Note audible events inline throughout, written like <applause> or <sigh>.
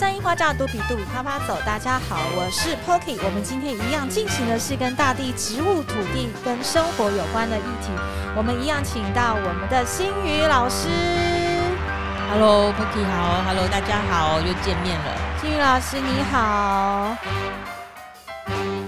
聲音花家度比度比趴趴走。大家好，我是 Poki，我們今天一樣進行的是跟大地、植物、土地跟生活有關的議題。我們一樣請到我們的星羽老師。Hello，Poki 好。Hello，大家好，又見面了。星羽老師你好。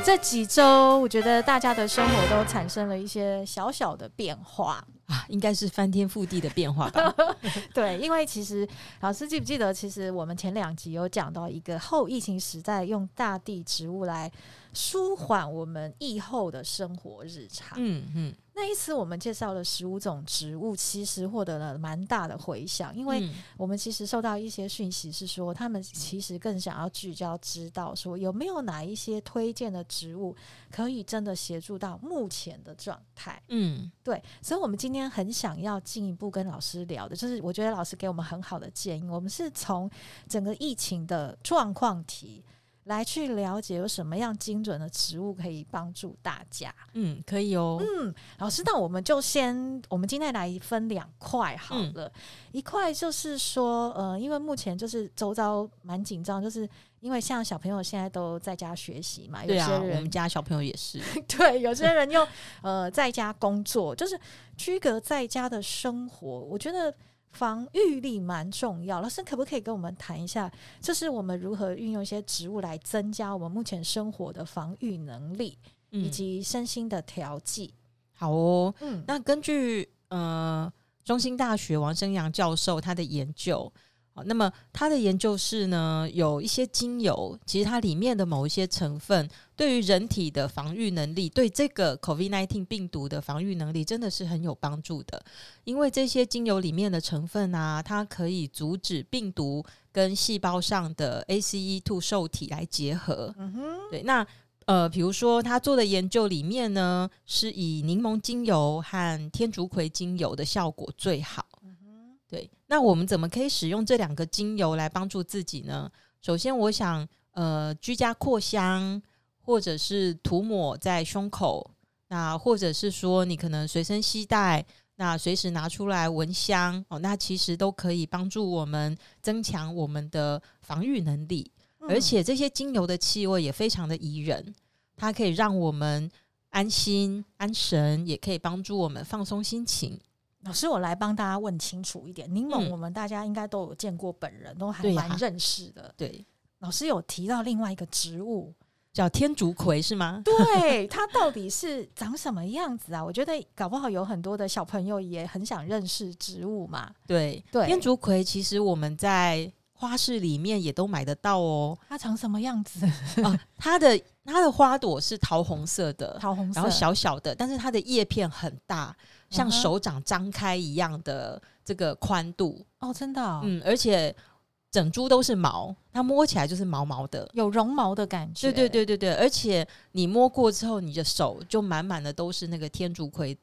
這幾周我覺得大家的生活都產生了一些小小的變化。應該是翻天覆地的變化吧。 <laughs> 對，因為其實老師記不記得，其實我們前兩集有講到一個後疫情時代，用大地植物來舒緩我們疫後的生活日常。嗯嗯。那一次我們介紹了十五種植物，其實獲得了蠻大的回響，因為我們其實收到一些訊息是說，嗯，他們其實更想要聚焦，知道說有沒有哪一些推薦的植物可以真的協助到目前的狀態。嗯，對。所以，我們今天很想要進一步跟老師聊的，就是我覺得老師給我們很好的建議，我們是從整個疫情的狀況提。來去了解有什麼樣精準的植物可以幫助大家？嗯，可以哦。嗯，老師，那我們就先我們今天來分兩塊好了。嗯，一塊就是說，呃，因為目前就是周遭蠻緊張，就是因為像小朋友現在都在家學習嘛。對啊，我們家小朋友也是。 <laughs> 對，有些人又呃在家工作， <laughs> 就是居隔在家的生活，我覺得。防禦力蠻重要，老師可不可以跟我們談一下，這、就是我們如何運用一些植物來增加我們目前生活的防禦能力，嗯，以及身心的調劑？好哦，嗯，那根據呃，中興大學王升陽教授，他的研究。好，那麼他的研究是呢，有一些精油，其實它裡面的某一些成分，對於人體的防禦能力，對這個 COVID nineteen 病毒的防禦能力，真的是很有幫助的。因為這些精油裡面的成分啊，它可以阻止病毒跟細胞上的 ACE two 受體來結合。嗯哼，對。那呃，比如說他做的研究裡面呢，是以檸檬精油和天竺葵精油的效果最好。對，那我們怎麼可以使用這兩個精油來幫助自己呢？首先，我想，呃，居家擴香，或者是塗抹在胸口，那或者是說，你可能隨身攜帶，那隨時拿出來聞香，哦，那其實都可以幫助我們增強我們的防禦能力，嗯。而且這些精油的氣味也非常的宜人，它可以讓我們安心安神，也可以幫助我們放鬆心情。老師，我來幫大家問清楚一點。檸檬，我們大家應該都有見過，本人、嗯、都還蠻認識的對、啊。對，老師有提到另外一個植物叫天竺葵，是嗎？對，它到底是長什麼樣子啊？ <laughs> 我覺得搞不好有很多的小朋友也很想認識植物嘛。對，對，天竺葵其實我們在花市裡面也都買得到哦、喔。它長什麼樣子、 <laughs> 哦、它的它的花朵是桃紅色的，桃紅色，然後小小的，但是它的葉片很大。像手掌張開一樣的這個寬度哦，真的哦？嗯，而且整株都是毛，它摸起來就是毛毛的，有絨毛的感覺。對對對對對，而且你摸過之後，你的手就滿滿的都是那個天竺葵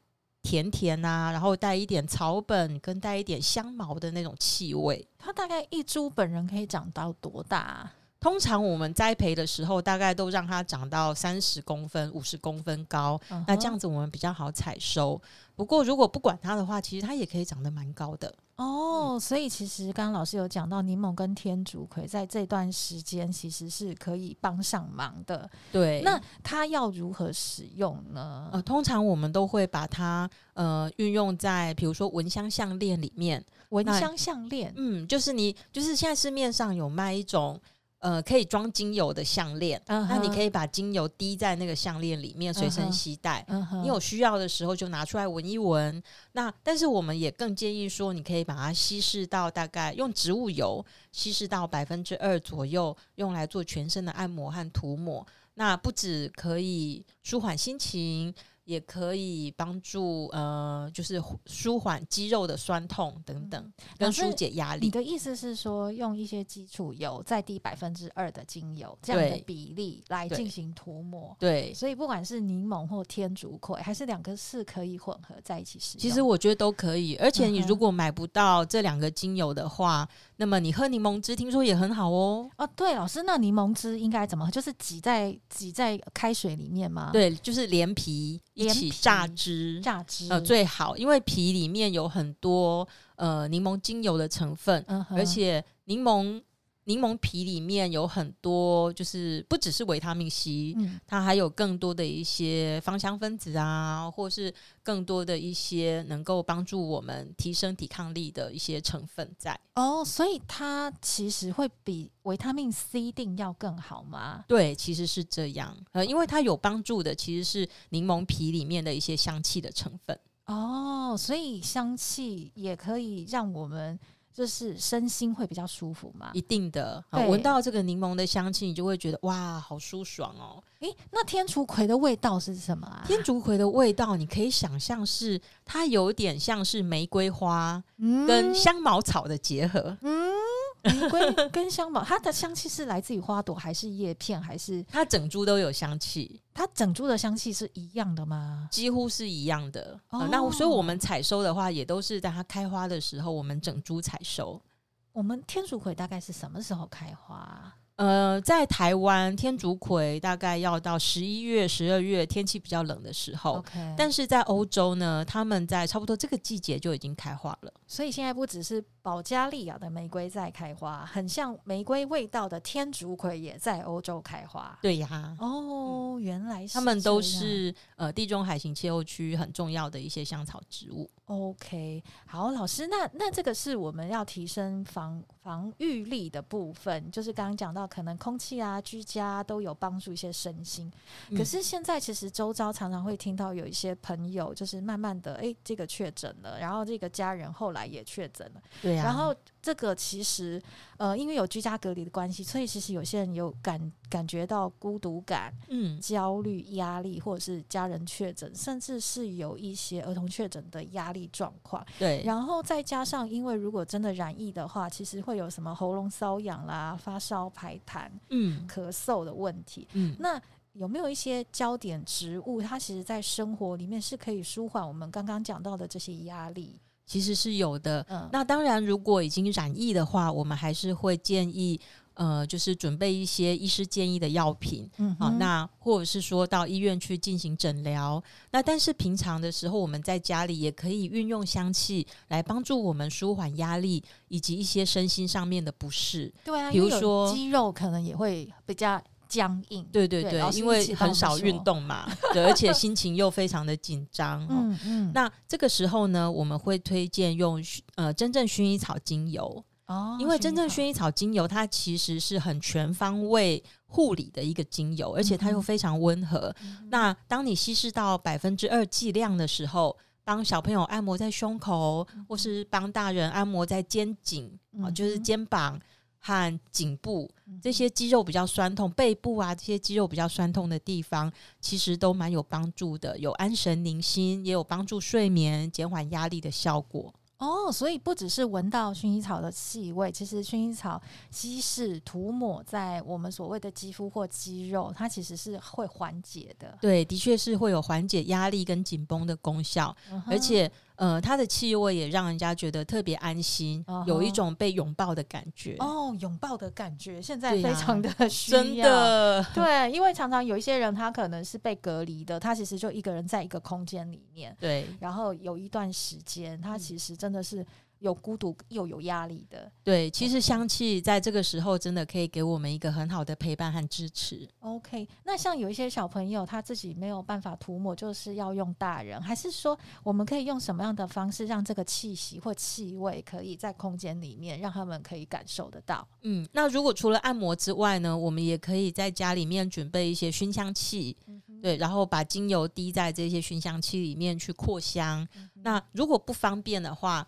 甜甜啊，然後帶一點草本跟帶一點香茅的那種氣味。它大概一株本人可以長到多大？通常我們栽培的時候，大概都讓它長到三十公分，五十公分高，嗯，那這樣子我們比較好採收。不過，如果不管它的話，其實它也可以長得蠻高的哦，嗯。所以，其實剛剛老師有講到，檸檬跟天竺葵在這段時間其實是可以幫上忙的。對，那它要如何使用呢？呃，通常我們都會把它呃運用在比如說蚊香項鏈裡面，蚊香項鏈，嗯，就是你就是現在市面上有賣一種。呃，可以裝精油的項鏈，uh -huh. 那你可以把精油滴在那個項鏈裡面隨身攜帶。Uh -huh. Uh -huh. 你有需要的時候就拿出來聞一聞。那但是我們也更建議說，你可以把它稀釋到大概用植物油稀釋到百分之二左右，用來做全身的按摩和塗抹。那不只可以舒緩心情。也可以幫助呃，就是舒緩肌肉的痠痛等等，嗯、跟疏解壓力。你的意思是說，用一些基礎油再滴百分之二的精油這樣的比例來進行塗抹對？對，所以不管是檸檬或天竺葵，還是兩個是可以混合在一起使用。其實我覺得都可以，而且你如果買不到這兩個精油的話，嗯、那麼你喝檸檬汁聽說也很好哦、喔。哦、啊，對，老師，那檸檬汁應該怎麼喝？就是擠在擠在開水裡面嗎？對，就是連皮。一起榨，榨汁，榨汁呃最好，因為皮裡面有很多呃檸檬精油的成分，嗯哼。而且檸檬。檸檬皮裡面有很多，就是不只是維他命 C，嗯，它還有更多的一些芳香分子啊，或是更多的一些能夠幫助我們提升抵抗力的一些成分在。哦，所以它其實會比維他命 C 定要更好嗎？對，其實是這樣。呃，因為它有幫助的其實是檸檬皮裡面的一些香氣的成分。哦，所以香氣也可以讓我們。就是身心會比較舒服嘛，一定的。啊，聞到這個檸檬的香氣，你就會覺得哇，好舒爽哦、喔。誒、欸，那天竺葵的味道是什麼啊？天竺葵的味道，你可以想象是它有點像是玫瑰花跟香茅草的結合。嗯嗯玫 <laughs> 瑰跟香茅，它的香氣是來自於花朵，還是葉片？還是它整株都有香氣？它整株的香氣是一樣的嗎？幾乎是一樣的。哦嗯，那所以我們採收的話，也都是在它開花的時候，我們整株採收。我們天竺葵大概是什麼時候開花？呃，在台灣天竺葵大概要到十一月、十二月天氣比較冷的時候。OK，但是在歐洲呢，它們在差不多這個季節就已經開花了。所以現在不只是。保加利亞的玫瑰在開花，很像玫瑰味道的天竺葵也在歐洲開花。對呀、啊，哦、嗯，原來是他們都是呃地中海型氣候區很重要的一些香草植物。OK，好，老師，那那這個是我們要提升防防禦力的部分，就是剛剛講到，可能空氣啊、居家、啊、都有幫助一些身心、嗯。可是現在其實周遭常常會聽到有一些朋友，就是慢慢的，哎、欸，這個確診了，然後這個家人後來也確診了，對、啊。然後這個其實，呃，因為有居家隔離的關係，所以其實有些人有感感覺到孤獨感、嗯，焦慮、壓力，或者是家人確診，甚至是有一些兒童確診的壓力狀況。對。然後再加上，因為如果真的染疫的話，其實會有什麼喉嚨瘙癢啦、發燒排痰、排、嗯、痰、咳嗽的問題。嗯。那有沒有一些焦點植物，它其實在生活裡面是可以舒緩我們剛剛講到的這些壓力？其實是有的，嗯，那當然，如果已經染疫的話，我們還是會建議，呃，就是準備一些醫師建議的藥品，好，嗯，啊，那或者是說到醫院去進行診療。那但是平常的時候，我們在家裡也可以運用香氣來幫助我們舒緩壓力以及一些身心上面的不適。對啊，比如說肌肉可能也會比較。僵硬，對對對，對、哦，因為很少運動嘛、哦嗯，而且心情又非常的緊張、哦 <laughs> 嗯。嗯，那這個時候呢，我們會推薦用呃真正薰衣草精油、哦、因為真正薰衣草精油它其實是很全方位護理的一個精油，嗯、而且它又非常溫和。嗯、那當你稀釋到百分之二劑量的時候，幫小朋友按摩在胸口，嗯、或是幫大人按摩在肩頸、嗯哦、就是肩膀。和頸部這些肌肉比較酸痛，背部啊這些肌肉比較酸痛的地方，其實都蠻有幫助的。有安神寧心，也有幫助睡眠、減緩壓力的效果。哦，所以不只是聞到薰衣草的氣味，其實薰衣草稀釋塗抹在我們所謂的肌膚或肌肉，它其實是會緩解的。對，的確是會有緩解壓力跟緊繃的功效，嗯、而且。呃，他的氣味也讓人家覺得特別安心，uh -huh. 有一種被擁抱的感覺。哦，擁抱的感覺，現在非常的需要。對啊，真的。對，因為常常有一些人，他可能是被隔離的，他其實就一個人在一個空間裡面。 <laughs> 對，然後有一段時間，他其實真的是。嗯。有孤獨又有壓力的，對，其實香氣在這個時候真的可以給我們一個很好的陪伴和支持。OK，那像有一些小朋友他自己沒有辦法塗抹，就是要用大人，還是說我們可以用什麼樣的方式讓這個氣息或氣味可以在空間裡面讓他們可以感受得到？嗯，那如果除了按摩之外呢，我們也可以在家裡面準備一些燻香器，嗯，對，然後把精油滴在這些燻香器裡面去擴香，嗯。那如果不方便的話。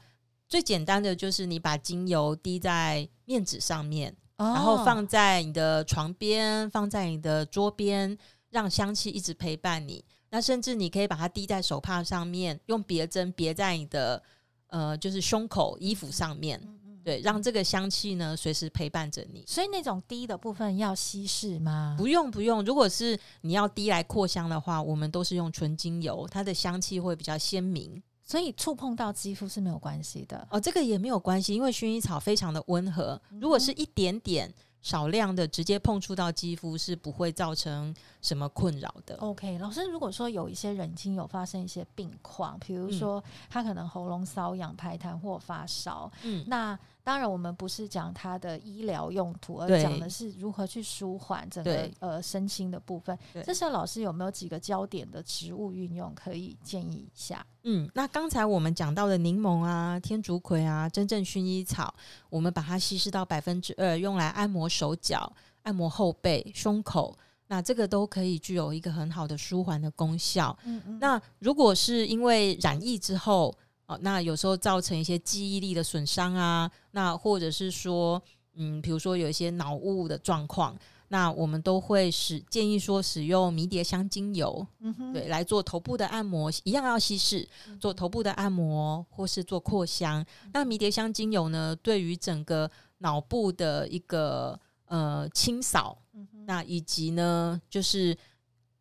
最簡單的就是你把精油滴在面紙上面，哦，然後放在你的床邊，放在你的桌邊，讓香氣一直陪伴你。那甚至你可以把它滴在手帕上面，用別針別在你的呃，就是胸口，衣服上面，嗯嗯嗯，對，讓這個香氣呢，隨時陪伴着你。所以那種滴的部分要稀釋嗎？不用不用，如果是你要滴來擴香的話，我們都是用純精油，它的香氣會比較鮮明。所以觸碰到肌膚是沒有關係的哦，這個也沒有關係，因為薰衣草非常的溫和、嗯。如果是一點點少量的直接碰觸到肌膚，是不會造成什麼困擾的。OK，老師，如果說有一些人已經有發生一些病況，比如說他可能喉嚨瘙癢、排痰或發燒，嗯，那。當然，我們不是講它的醫療用途，而講的是如何去舒緩整個呃身心的部分。這時候，老師有沒有幾個焦點的植物運用可以建議一下？嗯，那剛才我們講到的檸檬啊、天竺葵啊、真正薰衣草，我們把它稀釋到百分之二，用來按摩手腳、按摩後背、胸口，那這個都可以具有一個很好的舒緩的功效。嗯嗯。那如果是因為染疫之後，那有時候造成一些記憶力的損傷啊，那或者是說，嗯，比如說有一些腦霧的狀況，那我們都會使建議說使用迷迭香精油，嗯哼，對，來做頭部的按摩，一樣要稀釋，做頭部的按摩或是做擴香，嗯。那迷迭香精油呢，對於整個腦部的一個呃清掃，嗯哼，那以及呢，就是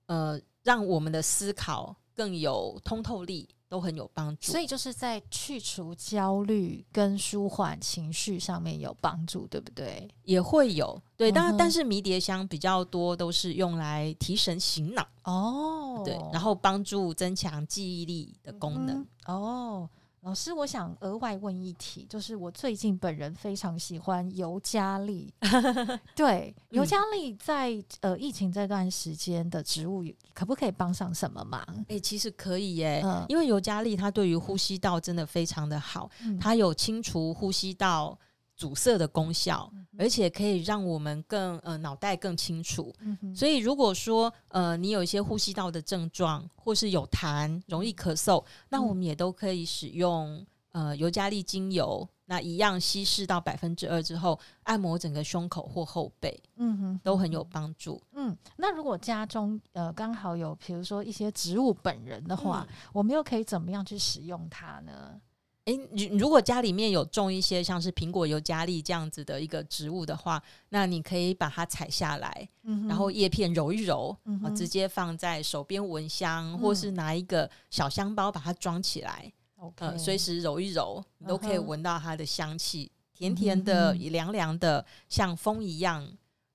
呃，讓我們的思考更有通透力。都很有幫助，所以就是在去除焦慮跟舒緩情緒上面有幫助，對不對？也會有，對。當然、嗯，但是迷迭香比較多都是用來提神醒腦哦，對，然後幫助增強記憶力的功能、嗯、哦。老師，我想額外問一題，就是我最近本人非常喜歡尤加利， <laughs> 對尤加利在、嗯、呃疫情這段時間的植物，可不可以幫上什麼忙？欸、其實可以耶、欸嗯，因為尤加利它對於呼吸道真的非常的好，它、嗯、有清除呼吸道阻塞的功效，而且可以讓我們更呃腦袋更清楚、嗯。所以如果說呃你有一些呼吸道的症狀，或是有痰、容易咳嗽，那我們也都可以使用呃尤加利精油，那一樣稀釋到百分之二之後，按摩整個胸口或後背，嗯哼，都很有幫助。嗯，那如果家中呃剛好有，比如說一些植物本人的話，嗯、我們又可以怎麼樣去使用它呢？哎、欸，如果家裡面有種一些像是蘋果尤加利這樣子的一個植物的話，那你可以把它採下來，嗯、然後葉片揉一揉、嗯，直接放在手邊聞香、嗯，或是拿一個小香包把它裝起來，嗯、呃，隨時揉一揉，你都可以聞到它的香氣、嗯，甜甜的、涼、嗯、涼的，像風一樣，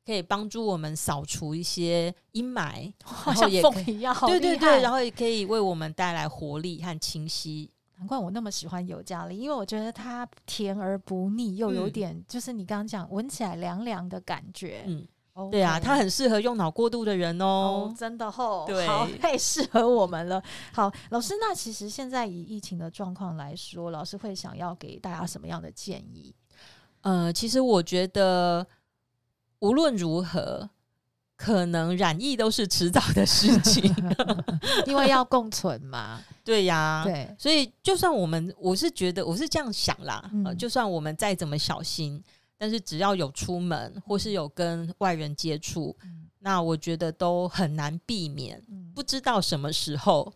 可以幫助我們掃除一些陰霾。然後也可以像風一樣，對對對，然後也可以為我們帶來活力和清晰。難怪我那麼喜歡尤加利，因為我覺得它甜而不膩，又有點、嗯、就是你剛剛講，聞起來涼涼的感覺。嗯，okay、對啊，它很適合用腦過度的人哦、喔，oh, 真的吼，對，太適合我們了。 <laughs> 好，老師，那其實現在以疫情的狀況來說，老師會想要給大家什麼樣的建議？嗯、呃，其實我覺得無論如何。可能染疫都是遲早的事情 <laughs> <laughs> 因為要共存嘛 <laughs> 對啊，對呀，所以就算我們，我是覺得我是這樣想啦、嗯呃，就算我們再怎麼小心，但是只要有出門或是有跟外人接觸、嗯，那我覺得都很難避免，嗯、不知道什麼時候。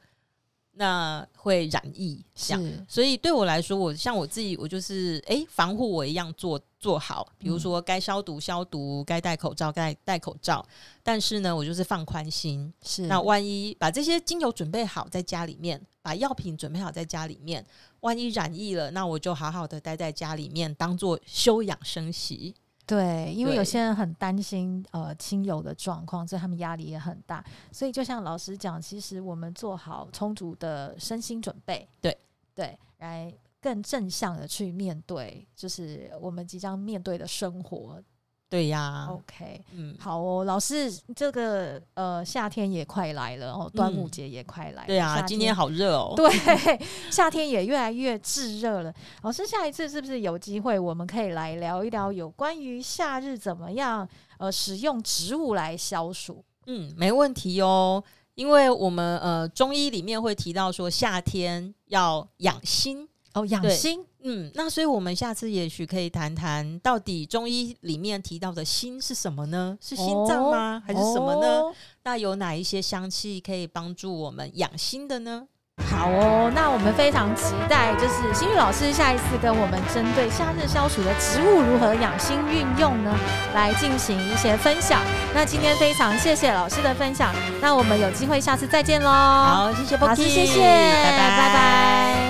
那會染疫，像所以對我來說，我像我自己，我就是哎，防護我一樣做做好，比如說該消毒消毒，該戴口罩該戴，戴口罩。但是呢，我就是放寬心，是。那萬一把這些精油準備好在家裡面，把藥品準備好在家裡面，萬一染疫了，那我就好好的待在家裡面，當作休養生息。對，因為有些人很擔心呃親友的狀況，所以他們壓力也很大。所以就像老師講，其實我們做好充足的身心準備，對對，來更正向的去面對，就是我們即將面對的生活。對呀、啊，OK，嗯，好哦，老師，這個呃夏天也快來了哦，端午節也快來了。嗯、對呀、啊，今天好熱哦，對， <laughs> 夏天也越來越炙熱了。老師，下一次是不是有機會我們可以來聊一聊有關於夏日怎麼樣呃使用植物來消暑？嗯，沒問題哦，因為我們呃中醫裡面會提到說夏天要養心哦，養心。嗯，那所以我們下次也許可以談談，到底中醫裡面提到的心是什麼呢？是心臟嗎、哦？還是什麼呢？哦、那有哪一些香氣可以幫助我們養心的呢？好哦，那我們非常期待，就是星羽老師下一次跟我們針對夏日消暑的植物如何養心運用呢，來進行一些分享。那今天非常謝謝老師的分享，那我們有機會下次再見嘍。好，謝謝 Poki，謝謝，拜拜，拜拜。